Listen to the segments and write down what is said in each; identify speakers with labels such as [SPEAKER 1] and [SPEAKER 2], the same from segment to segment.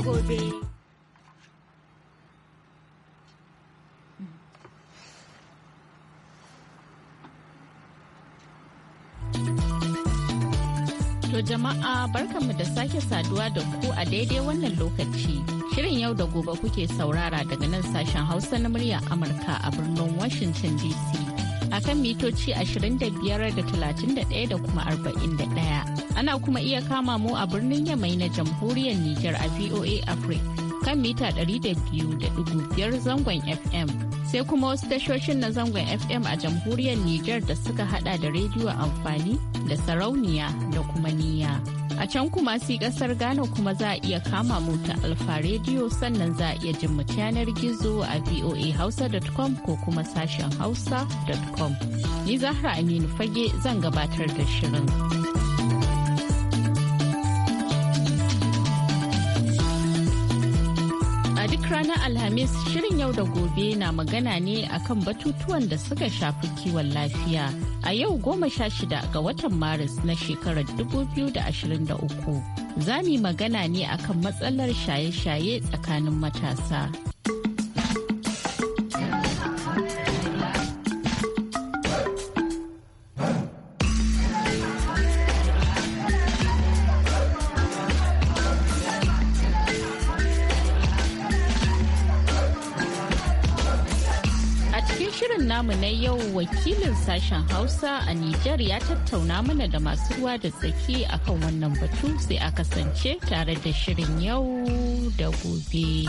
[SPEAKER 1] To jama'a barkanmu da sake saduwa da ku a daidai wannan lokaci. Shirin yau da gobe kuke saurara daga nan sashen Hausa na murya Amurka a birnin Washington DC. A kan mitoci 25 da 31 da kuma 41. Ana kuma iya kama mu a birnin Yamai na jamhuriyar Nijar a VOA Africa kan mita 200.5 zangon FM. Sai kuma wasu tashoshin na zangon FM a jamhuriyar Nijar da suka hada da rediyo amfani da sarauniya da kuma niya a can kuma si kasar Ghana kuma za a iya kama mu ta Alfa Radio sannan za a iya jin yanar gizo a voahausa.com ko kuma sashen hausa.com. Ni Zahra Aminu Fage zan gabatar da shirin. ranar Alhamis shirin yau da gobe na magana ne akan batutuwan da suka shafi kiwon lafiya. A yau goma sha shida ga watan Maris na shekarar dubu biyu da 2023 za mu magana ne akan matsalar shaye-shaye tsakanin matasa. sashen Hausa a Nijar ya tattauna mana da masu ruwa da tsaki akan wannan batu sai a kasance tare da shirin yau da gobe.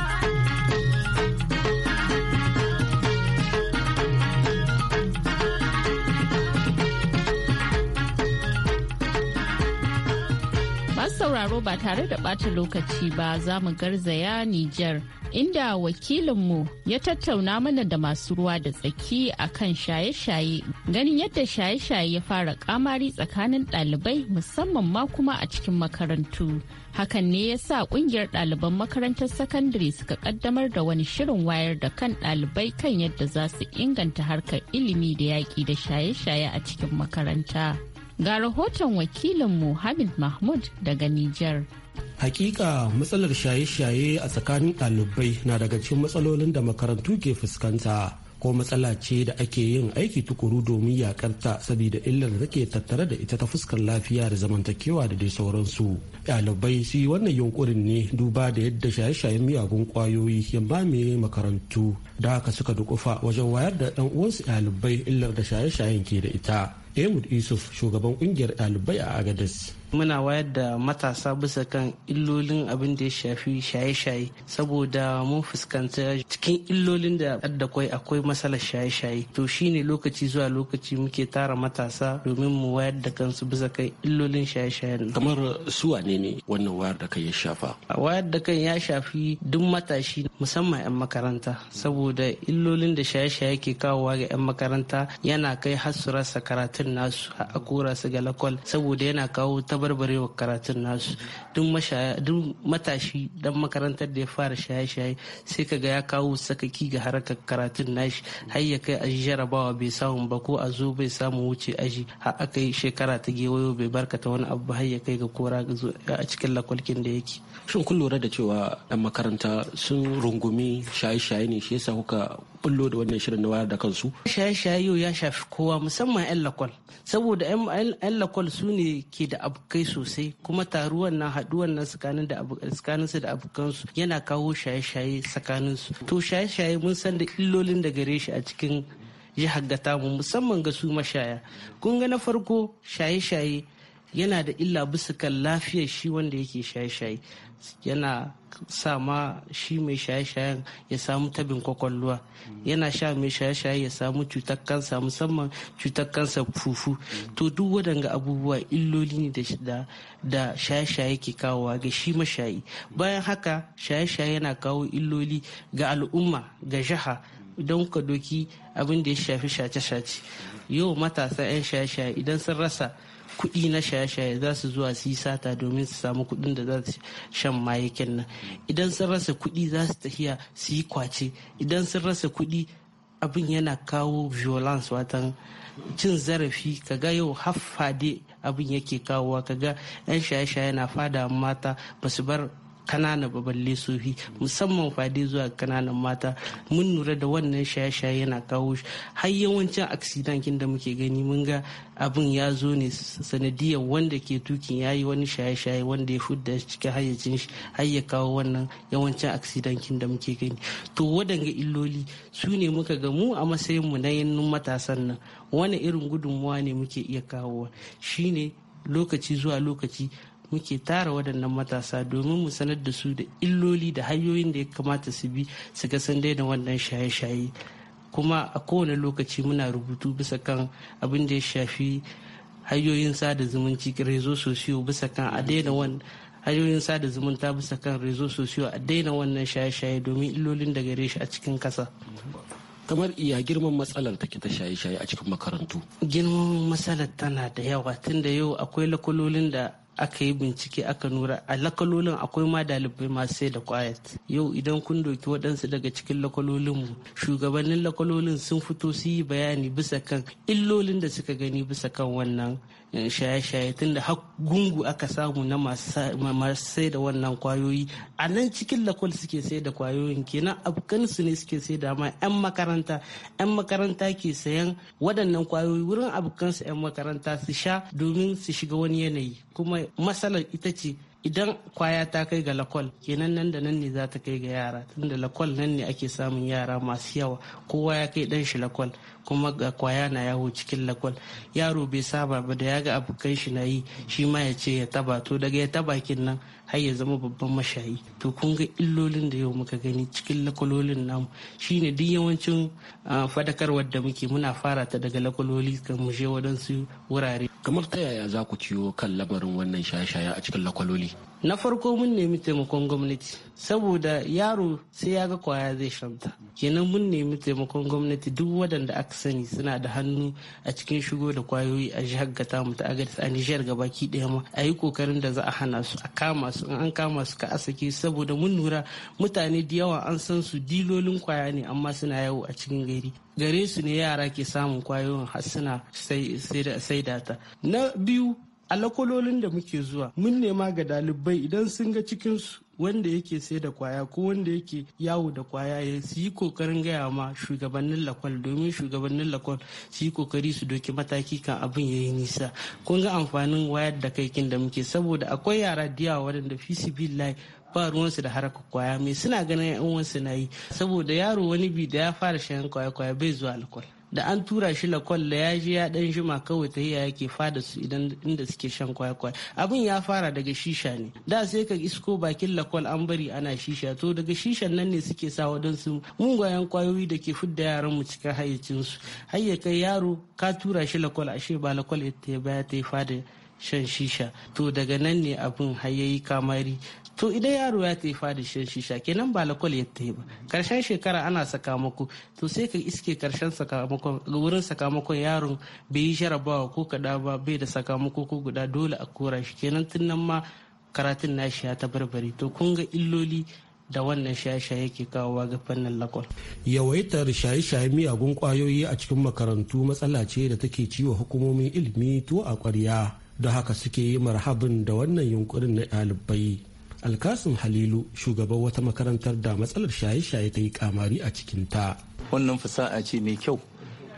[SPEAKER 1] sauraro ba tare da bata lokaci ba za mu garzaya Nijar inda wakilinmu ya tattauna mana da masu ruwa da tsaki a kan shaye-shaye ganin yadda shaye-shaye ya fara kamari tsakanin ɗalibai musamman ma kuma a cikin makarantu. Hakan ne ya sa kungiyar ɗaliban makarantar sakandare suka ƙaddamar da wani shirin wayar da kan ɗalibai kan yadda za su inganta harkar ilimi da yaƙi da shaye-shaye a cikin makaranta. Ga rahoton wakilin Hamid Mahmud daga
[SPEAKER 2] Nijar. Hakika matsalar shaye-shaye a tsakanin ɗalibai na daga cikin matsalolin da makarantu ke fuskanta. ko matsala ce da ake yin aiki tukuru domin yakarta saboda illar da ke tattare da ita ta fuskar lafiya da zamantakewa da dai sauransu ɗalibai su yi wannan yunkurin ne duba da yadda shaye-shayen miyagun kwayoyi ya yi makarantu da haka suka dukufa wajen wayar da ɗan uwansu ɗalibai illar da shaye-shayen ke da ita Ehud Yusuf shugaban kungiyar ɗalibai a Agadez.
[SPEAKER 3] muna wayar da matasa bisa kan illolin abin da ya shafi shaye-shaye saboda mun fuskanta cikin illolin da da kwai akwai matsalar shaye-shaye to shine lokaci zuwa lokaci muke tara matasa domin mu wayar da kansu bisa kan illolin shaye-shaye kamar su wane
[SPEAKER 2] ne wannan wayar da kai ya shafa
[SPEAKER 3] wayar da kan ya shafi duk matashi musamman 'yan makaranta saboda illolin da shaye-shaye ke kawowa ga 'yan makaranta yana kai har su rasa karatun nasu a kora su ga lakwal saboda yana kawo ta barbarewa karatun nasu duk matashi dan makarantar da ya fara shaye-shaye sai kaga ya kawo sakaki ga harkar karatun nashi har ya kai aji jarabawa bai samu ba ko a zo bai samu wuce aji har aka yi shekara ta gewayo bai barkata wani abu har ya kai ga kora a cikin lakwalkin da yake shin kun lura da cewa dan makaranta sun rungumi shaye-shaye ne shi yasa kuka bullo da wannan shirin na wayar da kansu. Shaye-shaye yau ya shafi kowa musamman 'yan lakwal. Saboda 'yan lakwal su ne ke da abokai sosai kuma taruwan na haduwan na tsakanin su da abokansu yana kawo shaye-shaye tsakaninsu. To shaye-shaye mun san da illolin da gare shi a cikin jihar gata mu musamman ga su mashaya. Kun ga na farko shaye-shaye yana da illa bisa kan lafiyar shi wanda yake shaye-shaye yana sa ma shi mai shaye-shayen ya samu tabin kwakwalwa yana sha mai shaye-shaye ya samu cutar kansa musamman cutar kansa fufu to duk waɗanga abubuwa illoli ne da shaye-shaye ke kawowa ga shi mashayi bayan haka shaye-shaye yana kawo illoli ga al'umma ga jiha don ka doki abin da ya shafi shace-shace yau matasa 'yan shaye-shaye idan sun rasa kuɗi na shaye-shaye za su zuwa su yi sata domin su samu kuɗin da za su shan mayakin nan idan sun rasa kuɗi za su tafiya su yi kwace idan sun rasa kuɗi abin yana kawo violence watan cin zarafi kaga yau haffa abin yake kawowa kaga yan shaye-shaye na fada mata ba su bar kananan babban lesofi sufi musamman fadi zuwa kananan mata mun nura da wannan shaye-shaye yana kawo shi har yawancin aksidankin da muke gani mun ga abin ya zo ne sanadiyar wanda ke tukin ya yi wani shaye-shaye wanda ya fudda cikin hayyacin shi har ya kawo wannan yawancin aksidankin da muke gani to wadanga illoli su ne muka ga mu a matsayin mu na yannun matasan nan wani irin gudunmuwa ne muke iya shi shine lokaci zuwa lokaci muke tara waɗannan matasa domin mu sanar da su da illoli da hanyoyin da ya kamata su bi su ga san daina wannan shaye-shaye kuma a kowane lokaci muna rubutu bisa kan abin da ya shafi hanyoyin sada zumunci rezo sosiyo bisa kan a daina wani hanyoyin sada zumunta bisa kan rezo sosiyo a daina wannan shaye-shaye domin illolin da gare shi a cikin kasa kamar iya girman matsalar take ta shaye-shaye a cikin makarantu girman matsalar tana da yawa tunda yau akwai lakulolin da aka yi bincike aka nura a lakalolin akwai ma dalibai masu sai da kwayat yau idan kun doki waɗansu daga cikin lakalolinmu shugabannin lakalolin sun fito su yi bayani bisa kan illolin da suka gani bisa kan wannan Eh, shaye-shaye tunda har gungu aka samu na masu sai da wannan kwayoyi a nan cikin lakwal suke sai da kwayoyin kenan su ne suke sai da ma 'yan makaranta 'yan makaranta ke sayan waɗannan kwayoyi wurin abokansu 'yan makaranta su sha domin su shiga wani yanayi kuma matsalar ita ce idan kwaya ta kai ga lakwal kenan nan da nan ne za ta kai ga yara tunda lakwal nan ne ake samun yara masu yawa kowa ya kai dan shi lakwal kuma ga kwaya na yawo cikin lakwal yaro bai saba ba da ya ga abokan shi na yi shi ma ya ce ya taba to daga ya taba kin nan har ya zama babban mashayi to kun ga illolin da yau muka gani cikin lakwalolin namu shine duk yawancin fadakarwar da muke muna fara ta daga lakwaloli kan mu je waɗansu wurare kamar
[SPEAKER 2] ta yaya za ku ciwo kan labarin wannan shaye-shaye a cikin lakwaloli
[SPEAKER 3] na farko mun nemi taimakon gwamnati saboda yaro sai ya ga kwaya zai shanta kenan mun nemi taimakon gwamnati duk waɗanda aka sani suna da hannu a cikin shigo da kwayoyi a jihar gata mu ta agadis a nijar ki ɗaya ma a yi kokarin da za a hana su a kama su in an kama su ka a sake saboda mun lura mutane da yawa an san su dilolin kwaya ne amma suna yawo a cikin gari gare su ne yara ke samun kwayoyin har suna sai da ta na biyu alakololin da muke zuwa mun nema ga dalibai idan sun ga cikinsu wanda yake sai da kwaya ko wanda yake yawo da kwaya ya su yi kokarin gaya ma shugabannin lakwal domin shugabannin lakwal su yi kokari su doki mataki kan abin ya yi nisa kun ga amfanin wayar da kai da muke saboda akwai yara da yawa waɗanda fi ba ruwansu da haraka kwaya mai suna ganin yan uwansu na yi saboda yaro wani bi da ya fara shayan kwaya-kwaya bai zuwa lakwal da an tura shi lakwal da ya ji ya dan jima kawai ta hiya ke fada su idan inda suke shan kwakwai abin ya fara daga shisha ne da sai ka isko bakin lakwal an bari ana shisha to daga shishan nan ne suke sawa don su mungwayen kwayoyi da ke fidda yaran mu cikin hayyacinsu har ya kai yaro ka tura shi lakwal ashe ba lakwal ita ya baya ta yi fada shan shisha to daga nan ne abin hayayi kamari to idan yaro ya tefa da shan shisha kenan ba lakwal ya ta ba karshen shekara ana sakamako to sai ka iske karshen sakamakon wurin sakamakon yaron bai yi jarabawa ko kada ba bai da sakamako ko guda dole a kora shi kenan tun nan ma karatun nashi ya ta barbare to kun ga illoli da wannan shaye-shaye ke kawowa ga fannin lakwal.
[SPEAKER 2] Yawaitar shaye-shaye miyagun kwayoyi a cikin makarantu matsala ce da take ciwo hukumomin ilimi tuwo a kwarya da haka suke yi marhabin da wannan yunkurin na ɗalibai. alkasin halilu shugaban wata makarantar da matsalar shaye-shaye ta yi kamari a cikin
[SPEAKER 4] ta. wannan fasaha ce mai kyau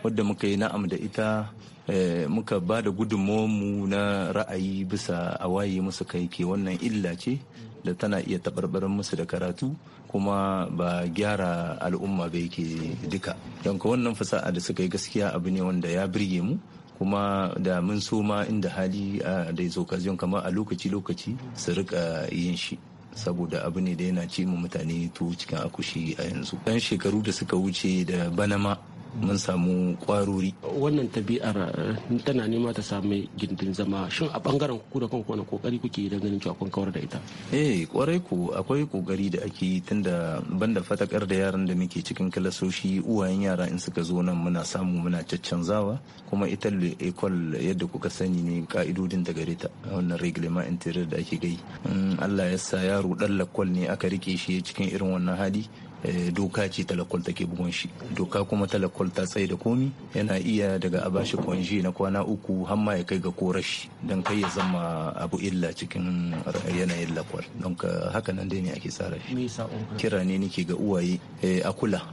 [SPEAKER 4] wadda muka yi na'am da ita eh, muka ba da mu na ra'ayi bisa a waye musu kai ke wannan illa ce da tana iya taɓarɓarin musu da karatu kuma ba gyara al'umma bai ke duka don wannan fasaha da suka yi gaskiya abu ne wanda ya birge mu kuma da mun so ma inda hali da occasion kamar a lokaci-lokaci su rika yin shi saboda abu ne da yana ce mu mutane to cikin akushi a yanzu dan shekaru da suka wuce da banama mun samu kwarori wannan tabi'ar eh,
[SPEAKER 2] tana nema ta sami gindin zama shin a bangaren ku da kanku wani kokari kuke yi ganin cewa kun kawar da
[SPEAKER 4] ita eh kwarai ku akwai kokari da ake yi tunda da fatakar da yaran da muke cikin kalasoshi uwayen yara in suka zo nan muna samu muna caccanzawa kuma ita ekol yadda kuka sani ne ka'idodin da gare ta wannan reglema interior da ake gai in Allah ya sa yaro ɗan lakwal ne aka rike shi cikin irin wannan hali Eh, doka ce talakwal take bugun shi doka kuma talakwal ta tsaye da komi yana iya daga abashi kwanji na kwana uku hamma ya kai ga korashi don kai ya zama abu illa cikin yanayin lakwal don haka nan dai ne ake tsara
[SPEAKER 2] shi kira
[SPEAKER 4] ne nake ga uwaye eh, a kula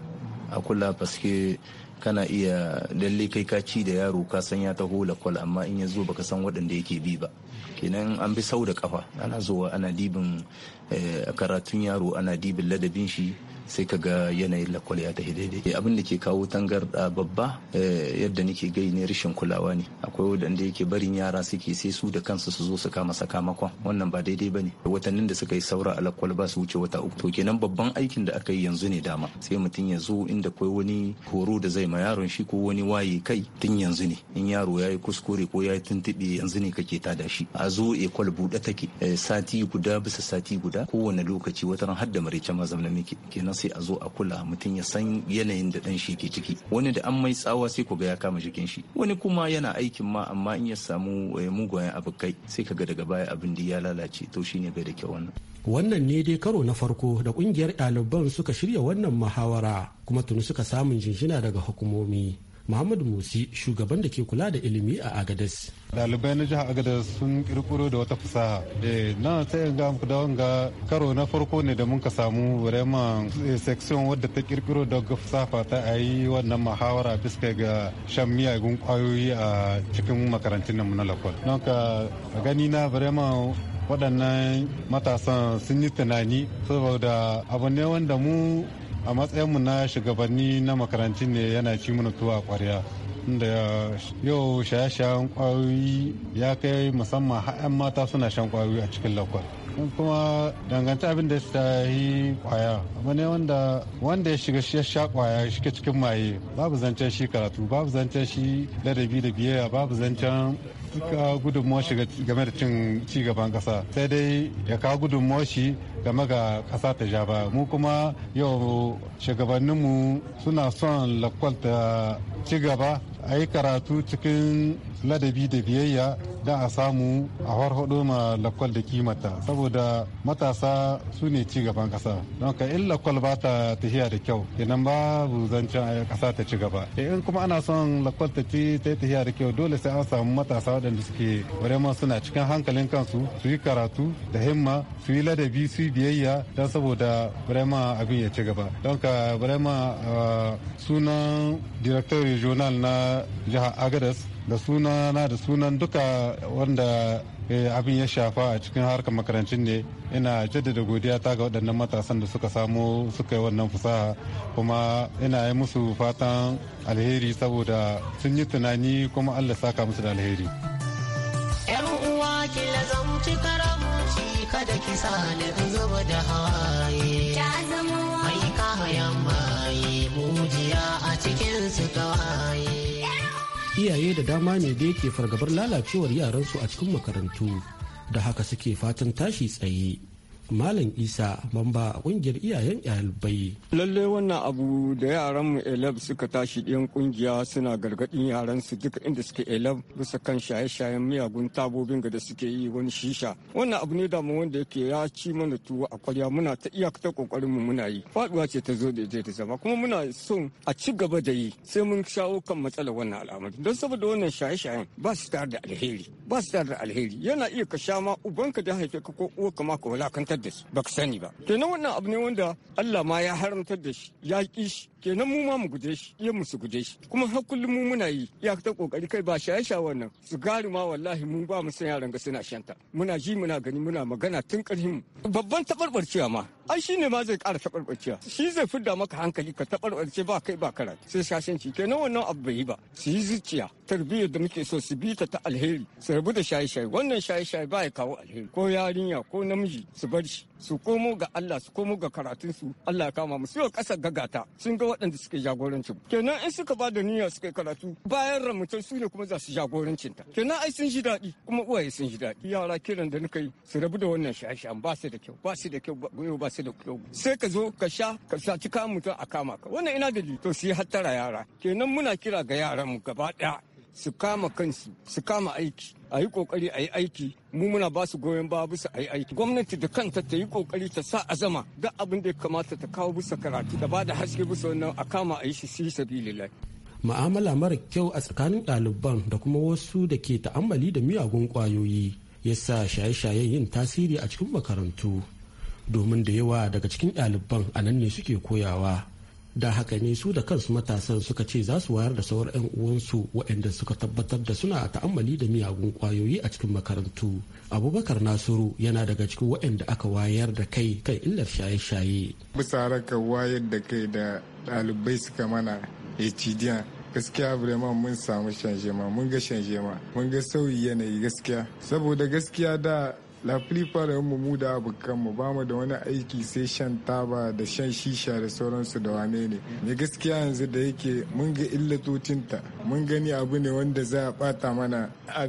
[SPEAKER 4] a kula paske kana iya lalle kai ka ci da yaro ka san ya taho lakwal amma in ya zo baka san waɗanda yake bi ba kenan an bi sau da kafa ana zuwa ana dibin eh, karatun yaro ana dibin ladabin shi sai ka ga yanayin lakwal ya tafi daidai eh, abin da ke kawo da babba eh, yadda nake gai ne rashin kulawa ne akwai wadanda yake barin yara suke sai su da kansu su zo su kama sakamakon wannan ba daidai ba ne watannin da suka yi saura a lakwal ba su wuce wata uku to kenan babban aikin da aka yi yanzu ne dama sai mutum ya zo inda akwai wani horo da zai ma yaron shi ko wani waye kai tun yanzu ne in yaro ya yi kuskure ko ya yi tuntuɓe yanzu ne kake da shi a zo ekwal buɗe take eh, sati guda bisa sati guda kowane lokaci wata ran har da marice ma zamna muke kenan sai a zo a kula mutum ya san yanayin da dan shi ke ciki wani da an mai tsawa sai ku ga ya kama jikin shi wani kuma yana aikin ma amma in ya samu eh, mugayen abokai sai ka ga daga baya abin da ya lalace to shine bai da kyau wannan
[SPEAKER 2] wannan ne dai karo na farko da kungiyar ɗaliban suka shirya wannan muhawara kuma tuni suka samun jinjina daga hukumomi Muhammad Musi shugaban da ke kula da ilimi
[SPEAKER 5] a Agadez. Dalibai na jihar Agadez sun kirkiro da wata fasaha. Eh na sai ga muku da wanga karo na farko ne da muka samu vraiment eh, section wadda ta kirkiro da fasaha ta ayi wannan muhawara bisa ga shan miyagun kwayoyi a cikin makarantun namu na lakwal. Don ka gani na vraiment waɗannan matasan sun yi tunani saboda abu ne wanda mu a matsayinmu na shugabanni na makarantun ne yana ci mana tuwa kwarya inda yau shaye-shayen kwayoyi ya kai musamman 'yan mata suna shan kwayoyi a cikin lakwal kuma dangance abin da ta yi kwaya amma ne wanda wanda ya shiga shi ya sha kwaya shiga cikin maye babu zancen shi karatu babu zancen shi ladabi da biyayya babu zancen ka gudunmuwa shi game da cin cigaban kasa sai dai ya ka gudunmuwa shi game ga kasa ta ja ba mu kuma yau shugabanninmu suna son lakwalta cigaba ci gaba a yi karatu cikin ladabi da biyayya da a samu a farfado ma lakwal da kimata saboda matasa su ne ci gaban kasa don ka in lakwal ba ta tafiya da kyau kenan babu zancen kasa ta ci gaba eh, in kuma ana son lakwal ta ci ta tafiya da kyau dole sai an samu matasa waɗanda suke vraiment suna cikin hankalin kansu su yi karatu da himma su yi ladabi su yi biyayya don saboda vraiment abin ya ci gaba don ka vraiment ah, sunan director regional na jihar agadas da sunana da sunan duka wanda eh, abin ya shafa a cikin harkar makarancin ne ina jaddada godiya ta ga waɗannan matasan da suka samu suka yi wannan fusaha kuma ina yi musu fatan alheri saboda sun yi tunani kuma allah saka musu da alheri
[SPEAKER 6] yan uwa kada zuba da mai kayan mujiya a cikin su
[SPEAKER 2] iyaye da dama ne da yake fargabar lalacewar yaransu a cikin makarantu da haka suke fatan tashi tsaye Malam Isa mamba a kungiyar iyayen ɗalibai.
[SPEAKER 7] Lalle wannan abu da yaran mu elab suka tashi ɗin kungiya suna gargaɗin yaran su duka inda suke elab bisa kan shaye-shayen miyagun tabobin da suke yi wani shisha. Wannan abu ne damu wanda yake ya ci mana tuwo a kwarya muna ta ta kokarin mu muna yi. Faduwa ce ta zo da ita ta zama kuma muna son a ci gaba da yi sai mun shawo kan matsalar wannan al'amari don saboda wannan shaye-shayen ba su tare da alheri ba su tare da alheri yana iya ka sha ma ubanka da haife ka ko uwa ka ma ka wulakantar da su ba sani ba kenan wannan abu ne wanda Allah ma ya haramtar da shi ya ƙi shi kenan mu ma mu guje shi iya mu su guje shi kuma har kullum mu muna yi ya ta kokari kai ba shaye shaye wannan su gari ma wallahi mu ba mu san yaran ga suna shanta muna ji muna gani muna magana tun karhin babban tabarbarciya ma ai shine ma zai kara tabarbarciya shi zai fidda maka hankali ka tabarbarce ba kai ba karatu sai shashanci kenan wannan abu bai yi ba su yi zuciya tarbiyyar da muke so su bi ta ta alheri su rabu da shaye shaye wannan shaye shaye ba ya kawo alheri ko yarinya ko namiji su bar shi su komo ga Allah su komo ga karatun su Allah ya kama musu yau kasar gagata sun ga waɗanda suke jagorancin kenan in suka ba da niyya suka karatu bayan ramutan su ne kuma za su jagorancin ta kenan ai sun ji daɗi kuma uwaye sun ji daɗi yara kiran da nika yi su rabu da wannan shi shayen ba su da kyau ba su da kyau goyo ba su da kyau sai ka zo ka sha ka saci kayan mutum a kama ka wannan ina da to su yi hattara yara kenan muna kira ga yaran mu gaba ɗaya su kama kansu su kama aiki a yi kokari a yi aiki mu muna ba su goyon ba bisa a yi aiki gwamnati da kanta ta yi kokari ta sa azama ga abin da ya kamata ta kawo bisa karatu da ba da haske bisa wannan a kama a yi shi su sabilillahi
[SPEAKER 2] ma'amala mara kyau a tsakanin ɗaliban da kuma wasu da ke ta'ammali da miyagun ƙwayoyi ya sa shaye-shayen yin tasiri a cikin makarantu domin da yawa daga cikin ɗaliban a nan ne suke koyawa da haka ne su da kansu matasan suka ce za su wayar da sauran 'yan uwansu waɗanda suka tabbatar da suna a ta'ammali da miyagun kwayoyi a cikin makarantu abubakar nasiru yana daga cikin waɗanda aka wayar da kai kan illar shaye-shaye
[SPEAKER 8] bisa haraka wayar da kai da ɗalibai suka mana etidiyan gaskiya vraiment mun samu shanjema mun ga shanjema mun ga sauyi yanayi gaskiya saboda gaskiya da la da mu mu da abokan mu ba mu da wani aiki sai shan taba da shan shisha da sauransu da wane ne mai gaskiya yanzu da yake mun ga illatotinta mun gani abu ne wanda za a bata mana a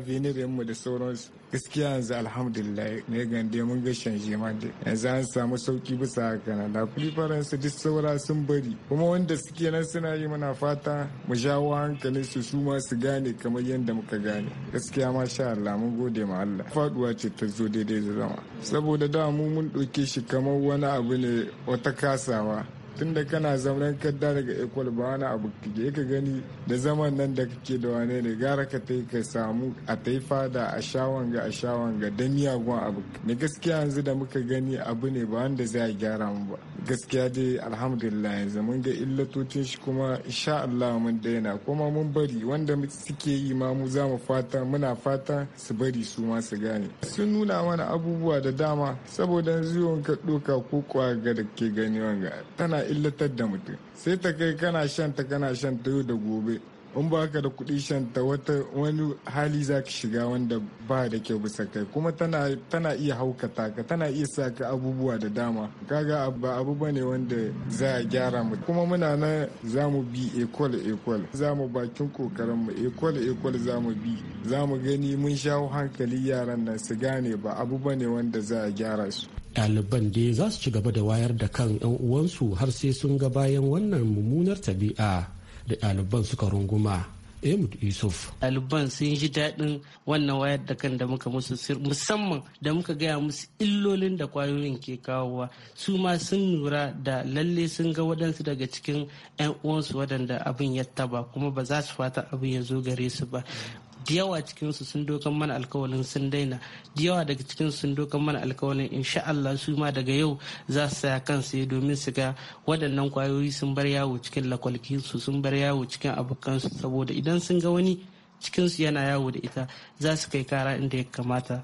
[SPEAKER 8] mu da sauransu gaskiya yanzu alhamdulillah ne gande mun ga shanje ma yanzu an samu sauki bisa ga da kuli faransa duk saura sun bari kuma wanda suke nan suna yi mana fata mu jawo hankalin su su ma su gane kamar yadda muka gane gaskiya ma sha Allah mun gode ma Allah faduwa ce ta zo daidai da zama saboda da mu mun ɗauke shi kamar wani abu ne wata kasawa tunda kana zaman kadda daga ekwal ba wani abu kike ka gani da zaman nan da kake da wane ne gara ka tai ka samu a yi fada a shawon ga a shawon ga da miyagun abu na gaskiya yanzu da muka gani abu ne ba wanda zai gyara mu ba gaskiya dai alhamdulillah yanzu mun ga illatocin shi kuma insha Allah mun daina kuma mun bari wanda suke yi ma mu za mu fata muna fata su bari su ma su gane sun nuna mana abubuwa da dama saboda yanzu ka ɗoka ko kwa ga da ke gani wanga tana illatar da mutum sai ta kai kana shan ta kana shan ta yau da gobe in ba ka da kuɗi shan ta wata wani hali za ka shiga wanda ba da kyau bisa kai kuma tana, iya haukata ka tana iya sa ka abubuwa da dama kaga ba abu ba ne wanda za a gyara mu kuma muna na za mu bi equal equal za mu bakin kokarin mu equal equal za mu bi za mu gani mun shawo hankali yaran nan su gane ba abu ba ne wanda za a gyara su
[SPEAKER 2] ɗaliban dai za su ci gaba da wayar da kan 'yan uwansu har sai sun ga bayan wannan mummunar tabi'a da ɗaliban suka runguma Ahmad Yusuf.
[SPEAKER 3] Ɗaliban sun ji daɗin wannan wayar da kan da muka musu musamman da muka gaya musu illolin da kwayoyin ke kawowa su ma sun lura da lalle sun ga waɗansu daga cikin 'yan uwansu waɗanda abin ya taba kuma ba za su fata abin ya zo gare su ba da yawa cikinsu sun dokan mana alkawalin sun daina da yawa daga cikinsu sun dokan mana alkawalin insha Allah su ma daga yau za su saya kansu domin su ga waɗannan kwayoyi sun bar yawo cikin lakwalkinsu sun bar yawo cikin abokansu saboda idan sun ga wani cikinsu yana yawo da ita za su kai kara inda ya kamata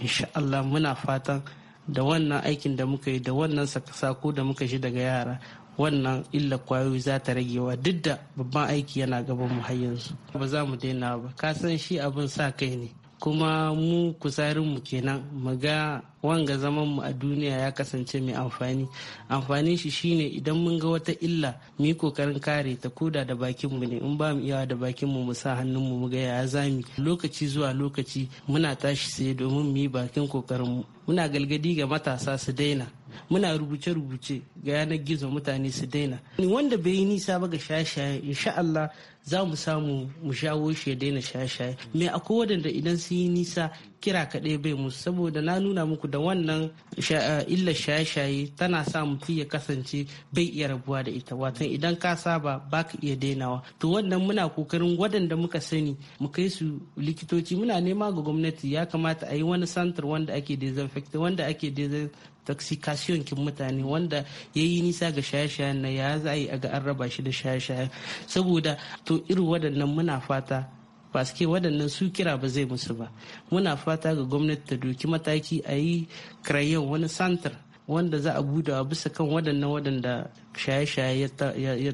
[SPEAKER 3] insha Allah muna fatan da wannan aikin da muka yi da wannan sako da muka shi daga yara wannan illa kwayoyi za ta ragewa duk da babban aiki yana gaban mu har yanzu ba za mu daina ba ka san shi abin sa kai ne kuma mu kusarin kusarinmu kenan mu ga wanga zaman mu a duniya ya kasance mai amfani amfanin shi shine idan mun ga wata illa mu kokarin kare ta koda da bakin mu ne in ba mu iyawa da bakin mu mu sa hannun mu mu ga ya zami lokaci zuwa lokaci muna tashi sai domin mu yi bakin kokarin mu muna galgadi ga matasa su daina muna rubuce-rubuce ga yanar gizo mutane su daina wanda bai yi nisa ba ga shashaye insha Allah za mu samu mu shawo shi ya daina shaye-shaye me akwai waɗanda idan sun yi nisa kira kaɗai bai musu saboda na nuna muku da wannan eh, illar shaye-shaye tana sa mutum ya kasance bai iya rabuwa da ita watan idan ka saba ba ka iya dainawa to wannan muna kokarin waɗanda muka sani mu kai su likitoci muna nema ga gwamnati ya kamata a yi wani santar wanda ake desinfect wanda ake intoxication kin mutane wanda ya yi nisa ga shaye-shayen na ya za a yi ga an raba shi da shaye-shayen saboda to irin waɗannan muna fata ba su waɗannan su kira ba zai musu ba muna fata ga gwamnati ta doki mataki a yi krayon wani santar wanda za a a bisa kan waɗannan waɗanda shaye-shaye ya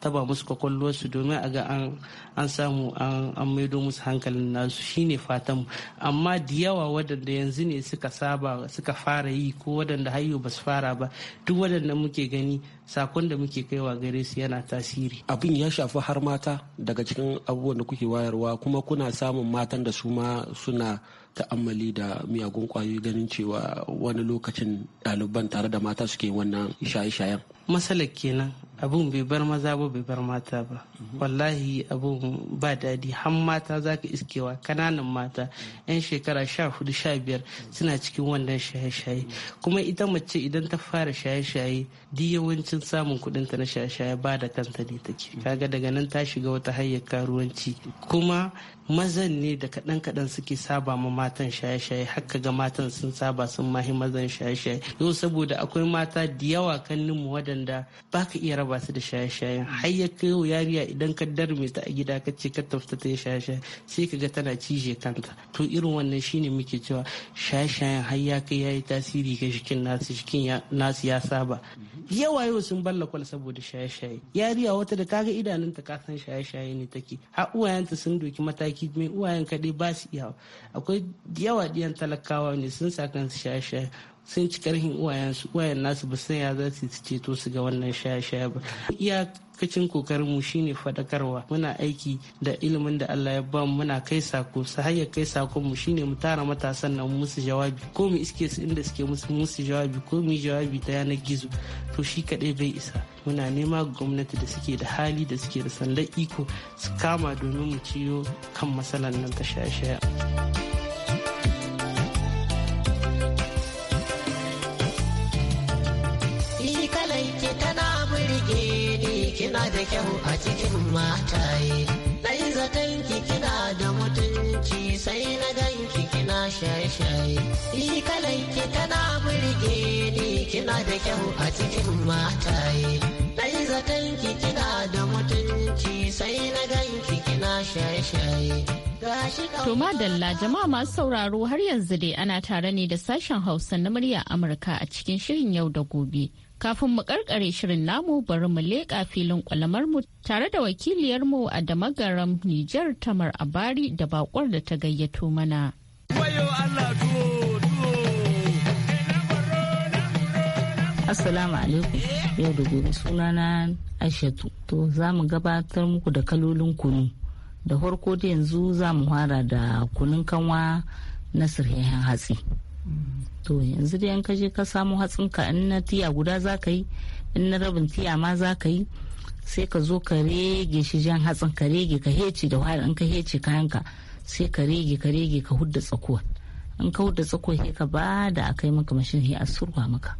[SPEAKER 3] taba musu kwakwalwarsu domin a ga an samu an maido musu hankalin nasu shine fatan amma da yawa waɗanda yanzu ne suka saba suka fara yi ko waɗanda hayo ba su fara ba duk waɗanda muke gani sakon da muke kaiwa gare su yana tasiri
[SPEAKER 2] abin ya shafi har mata daga cikin abubuwan da kuke wayarwa kuma kuna samun matan da su ma suna ta'ammali da miyagun kwayoyi ganin cewa wani lokacin ɗaliban tare da mata suke wannan shaye-shayen
[SPEAKER 3] matsalar kenan abun bai bar maza ba bai bar mata ba mhm. wallahi abun ba daɗi har mata za ka iskewa kananan mata 'yan shekara sha hudu sha biyar suna cikin wannan shaye-shaye kuma ita mace idan ta fara shaye-shaye duk yawancin samun kudinta na shaye-shaye ba da kanta ne take kaga daga nan ta shiga wata hayyar karuwanci kuma mazan ne da kaɗan kaɗan suke saba ma matan shaye-shaye haka ga matan sun saba sun mahi mazan shaye-shaye yau saboda akwai mata da yawa kannin mu waɗanda ba iya raba su da shaye-shayen har ya kai yariya idan ka darme ta a gida ka ce ka tafta ta shaye-shaye sai ka ga tana cije kanta to irin wannan shine muke cewa shaye-shayen har ya kai yayi tasiri ga jikin nasu jikin nasu ya saba yawa yau sun balla kwal saboda shaye-shaye yariya wata da kaga idanunta ka san shaye-shaye ne take har uwayenta sun doki mataki Ki mai uwayen kaɗai ba su iyawa akwai yawa ɗiyan talakawa ne sun sa kansu shaye sun ci karhin uwayensu uwayen nasu ba sai ya za su ceto su ga wannan shaya-shaya ba iyakacin kokarin mu shine fadakarwa muna aiki da ilimin da Allah ya bamu muna kai sako su hanyar kai sakon mu shine mu tara matasan nan musu jawabi ko mu iske su inda suke musu jawabi ko mu jawabi ta yanar gizo to shi kadai bai isa muna nema gwamnati da suke da hali da suke da sandan iko su kama domin mu ciyo kan matsalar nan ta shaya-shaya.
[SPEAKER 6] kyau a cikin mataye nayi zaton ki kina da mutunci sai na ganki kina shaye-shaye yi kalan ki tana burge ni kina da kyau a cikin mataye nayi zaton ki kina da mutunci sai na ganki kina shaye-shaye To
[SPEAKER 1] madalla jama'a masu sauraro har yanzu dai ana tare ne da sashen Hausa na murya Amurka a cikin shirin yau da gobe. Kafin mu karkare shirin namu bari mu leƙa filin mu tare da wakiliyar mu a damagaram Nijar Tamar Abari da bakwar da ta
[SPEAKER 6] gayyato mana. Assalamu alaikum eh? yau da gobe sunana Aishatu to za mu gabatar muku da kalolin kunu da farko da yanzu za mu fara da kunun kanwa na sirhehen hatsi. to yanzu dai in ka ka samu hatsinka in na tiya guda za ka yi in na rabin tiya ma za ka yi sai ka zo ka rege shi jan hatsin ka rege ka hece da wahala in ka hece kayanka sai ka rege ka rege ka hudda tsakuwa in ka hudda tsakuwa sai ka ba da yi maka mashin sai a surwa maka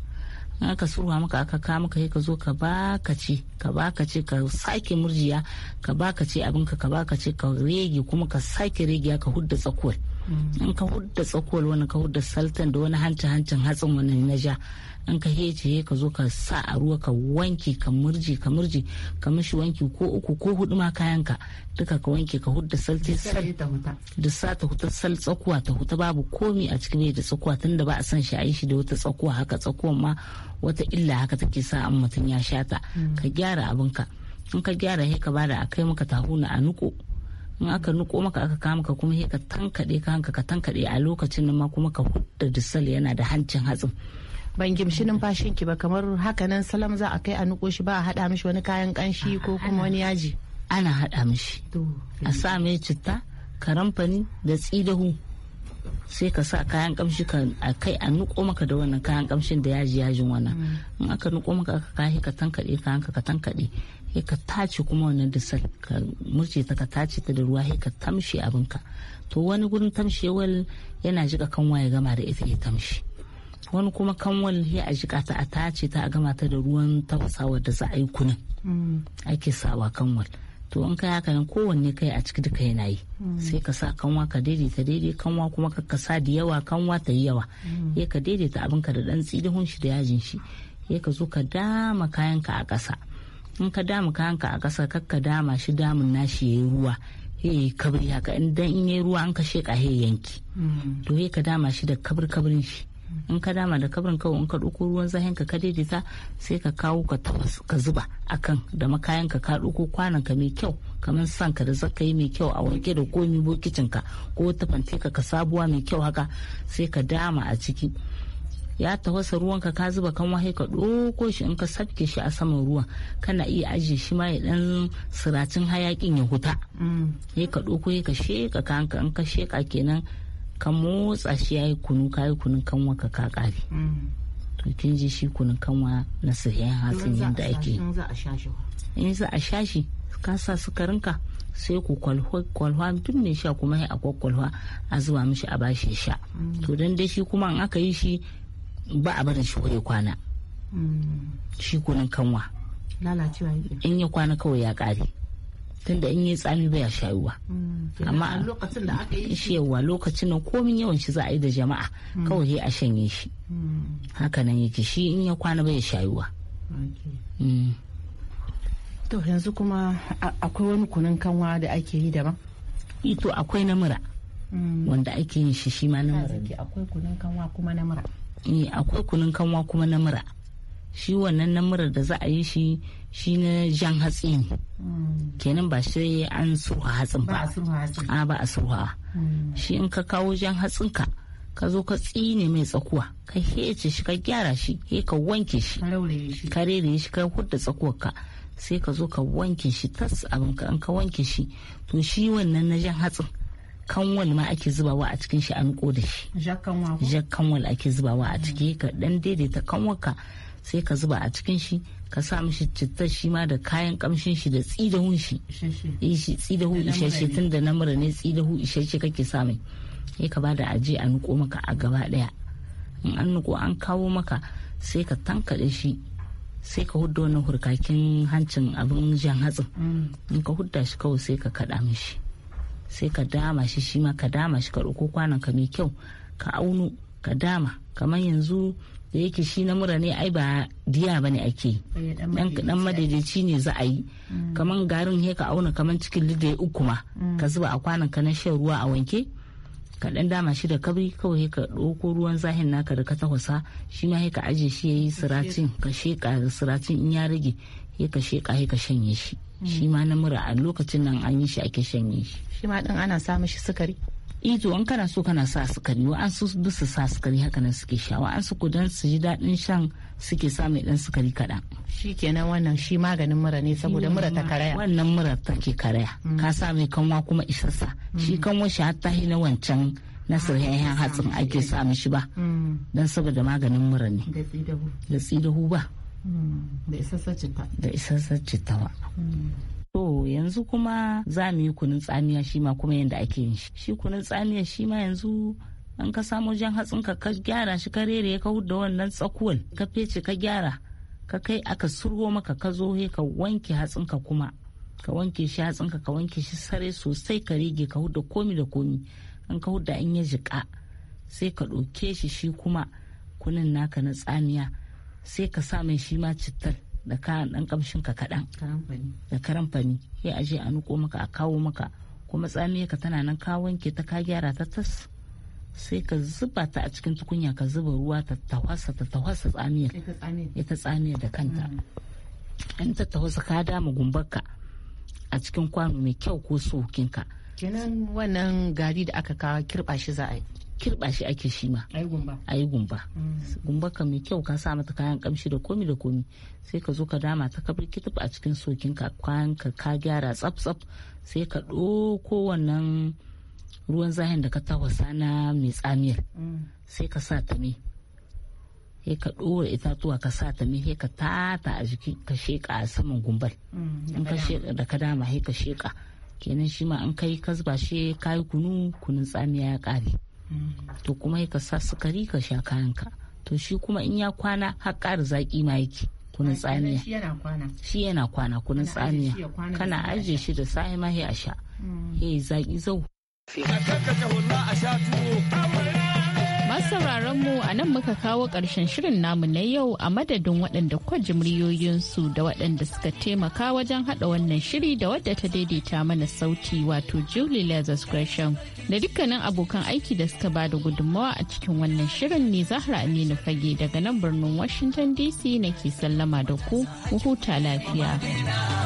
[SPEAKER 6] in aka surwa maka aka ka maka sai ka zo ka ba ka ce ka ba ka ce ka sake murjiya ka ba ka ce abinka ka ba ka ce ka rege kuma ka sake rege ka hudda tsakuwar Mm. in ka hudda tsakuwar wani ka hudda saltan da wani hancin hancin hatsin wani na ja in ka hece ka zo ka sa a ruwa ka wanke ka murji ka murji ka mishi wanki ko uku ko hudu ma kayan duka ka wanke ka hudda salti da sa ta huta sal tsakuwa ta huta babu komi a cikin da tsakuwa tunda ba a san shi a yi shi da wata tsakuwa haka tsakuwan ma wata illa haka take sa an mutum ya shata mm. ka gyara abinka in ka gyara he ka bada a kai maka tahuna a nuko in aka nuko maka aka kama ka kuma ka tankaɗe ka hanka ka tankaɗe a lokacin nan ma kuma ka hudda disal yana da hancin hatsin ban gimshi numfashin ki ba kamar haka nan salam za a kai a nuko shi ba a haɗa mishi wani kayan kanshi ko kuma wani yaji ana hada mishi a sa mai citta karamfani da tsidahu sai ka sa kayan kamshi ka a kai a nuko maka da wannan kayan kamshin da yaji yajin wannan mm. in aka nuko maka aka kahi ka tankade kayan ka tankade sai ka tace kuma wannan da ka murce ta ka tace ta da ruwa sai ka tamshe abinka to wani gurin tamshewal yana jika kanwa ya gama da ita ya tamshi wani kuma kanwal ya a jika ta a tace ta a gama ta da ruwan tafasawa da za a yi kunin mm. ake sawa kanwal to in kai haka nan kowanne kai a ciki duka yana yi mm. sai ka sa kanwa ka daidaita daidai kanwa kuma ka sa da yawa kanwa ta yi yawa ya mm. ka daidaita abin ka da dan tsidihun shi da yajin shi ya ka zo ka dama kayan ka a kasa. in ka dama kayan ka a kasa kar dama shi damun nashi yi ruwa ya yi kabri haka in dan in yi ruwa an ka sheka he yanki mm. to ya ka dama shi da kabir kabrin shi in ka dama da kabarin kawai in ka ɗauko ruwan zahin ka ka daidaita sai ka kawo ka tabas ka zuba akan da makayan ka ka ɗauko kwanan ka mai kyau kamar san ka da zaka yi mai kyau a wanke da komi bokicin ka ko wata fantika ka sabuwa mai kyau haka sai ka dama a ciki ya tafasa ruwanka ka zuba kan wahai ka ɗauko shi in ka sabke shi a saman ruwan kana iya ajiye shi ma ya ɗan siracin hayakin ya huta ya mm. ka ɗauko ya ka sheka kanka in ka sheka kenan ka motsa shi yi kunu kayi kunun kanwa ka kakari mm. to kin ji shi kunun kanwa na sahihan hatsin yadda ake in za a sha shi ka sa sukarinka sai ku kwalwa duk mai sha kuma ya akwai kwalwa a zuba mishi a bashi sha mm. to dan dai shi kuma in aka yi shi ba a barin shi ya kwana mm. shi kunun kanwa in ya kwana kawai ya kare tunda in yi tsami baya shayuwa mm, amma
[SPEAKER 3] lokacin da aka yi shi
[SPEAKER 6] yawa lokacin nan komin yawan shi za a yi da jama'a mm. kawai a shanye shi mm. haka nan yake shi in ya kwana baya shayuwa to yanzu kuma akwai wani kunin kanwa da ake yi daban ito akwai na mura wanda ake yin shi shi ma na mura akwai kunun kanwa kuma na mura eh, akwai kunun kanwa kuma na mura shi wannan namurar da za a yi shi shi na jan hatsi ne kenan ba sai an surha hatsin ba a ba a surha hmm. shi in ka kawo jan hatsinka ka zo ka tsine mai tsakuwa ka hece shi ka gyara shi he ka wanke shi ka rere shi ka hudda ka sai ka zo ka wanke shi tas abin ka an ka wanke shi to shi wannan na jan hatsin kanwal ma ake zubawa a cikin shi an da shi jakkanwal ake zubawa a ciki ka dan daidaita ka. sai ka zuba a cikin shi ka sa mishi cittar shi ma da kayan kamshin shi da tsidahun shi tsidahu isasshe tun da namura ne tsidahu isasshe kake sa mai sai ka bada aje a nuko maka a gaba daya in an nuko an kawo maka sai ka tankaɗe shi sai ka hudda wani hurkakin hancin abin jan hatsin mm. in ka hudda shi kawai sai ka kaɗa mishi sai ka dama shi shi ma ka dama shi ka ɗauko kwanan ka mai kyau ka aunu ka dama kamar yanzu da yake shi na mura ne ai ba diya ba ne ake dan madaidaici ne za a yi mm. kaman garin he ka auna kaman cikin lidda uku ma mm. ka zuba a kwanan ka na shan ruwa a wanke ka dan dama shi da kabri kawai ka ɗauko ruwan zahin naka da ka tafasa shi ma ka aje shi yayi siratin ka sheka in ya rage ya sheka heka shanye shi mm. shi ma na mura a lokacin nan an yi shi ake shanye shi shi ma ɗin ana sa shi sukari ito eh an kana so kana sa su sukari an su bisa sa kari haka nan suke sha an su kudan su ji daɗin shan suke sa mai dan sukari kaɗan shikenan wannan shi maganin mura ne saboda mura ta karaya wannan mura ta ke karaya mm. ka sa mai kanwa kuma isassa shi mm. kanwa shi hatta na wancan na sirhayen hatsin ake sa mishi ba mm. don saboda maganin mura ne da tsidahu ba da isassar citta ba to yanzu kuma za mu yi kunun tsamiya shi ma kuma yadda ake yin shi shi kunun tsamiya shi ma yanzu an ka samu jan hatsin ka ka gyara shi ka rere ka da wannan tsakuwan ka fece ka gyara ka kai aka surwo maka ka zo he ka wanke hatsin ka kuma ka wanke shi hatsin ka ka wanke shi sare sosai ka rige ka huda komi da komi an ka huda an ya jiƙa sai ka ɗauke shi shi kuma kunin naka na tsamiya sai ka sa mai shi ma cittar da kayan dan kamshin ka kaɗan da karamfani ya aje a nuko maka a kawo maka kuma tsami ka tana nan ka wanke ta ka gyara ta tas sai ka zuba ta a cikin tukunya ka zuba ruwa ta tawasa ta tawasa tsamiyar ta tsamiyar da kanta mm. in ta tawasa ka dama gumbarka a cikin kwano mai kyau ko sokinka kenan wannan gari da aka kawo kirba shi za a yi kirba shi ake shi ma a yi gumba gumba mm. ka mai kyau ka sa mata kayan kamshi da komi da komi sai ka zo ka dama ta ka kitib a cikin sokin ka kayan ka ka gyara tsaf tsaf sai ka ɗauko wannan ruwan zahin da ka tawasa na mai tsamiyar mm. sai ka sa ta ne sai ka ɗora itatuwa ka sa ta ne sai ka tata a jiki ka sheƙa a saman gumbal mm, in ka da ka dama sai ka sheƙa kenan shi ma an kai zuba shi kayi kunu kunun tsamiya ya ƙare to kuma ka sa sukari ka sha kayanka to shi kuma in ya kwana har ƙara zaki ma yake kunun tsamiya shi yana kwana kunun tsamiya
[SPEAKER 7] kana
[SPEAKER 1] ajiye
[SPEAKER 6] shi da sa'i ma a sha
[SPEAKER 7] mm.
[SPEAKER 1] he
[SPEAKER 6] zaƙi zau
[SPEAKER 1] Masu sauraron mu a nan muka kawo ƙarshen shirin namu na yau a madadin waɗanda kwa jimriyoyinsu da waɗanda suka taimaka wajen haɗa wannan shiri da wadda ta daidaita mana sauti wato Julie Lazarus Gresham da dukkanin abokan aiki da suka ba da gudunmawa a cikin wannan shirin ne Zahra Aminu Fage daga nan birnin Washington DC nake sallama da ku, huta lafiya.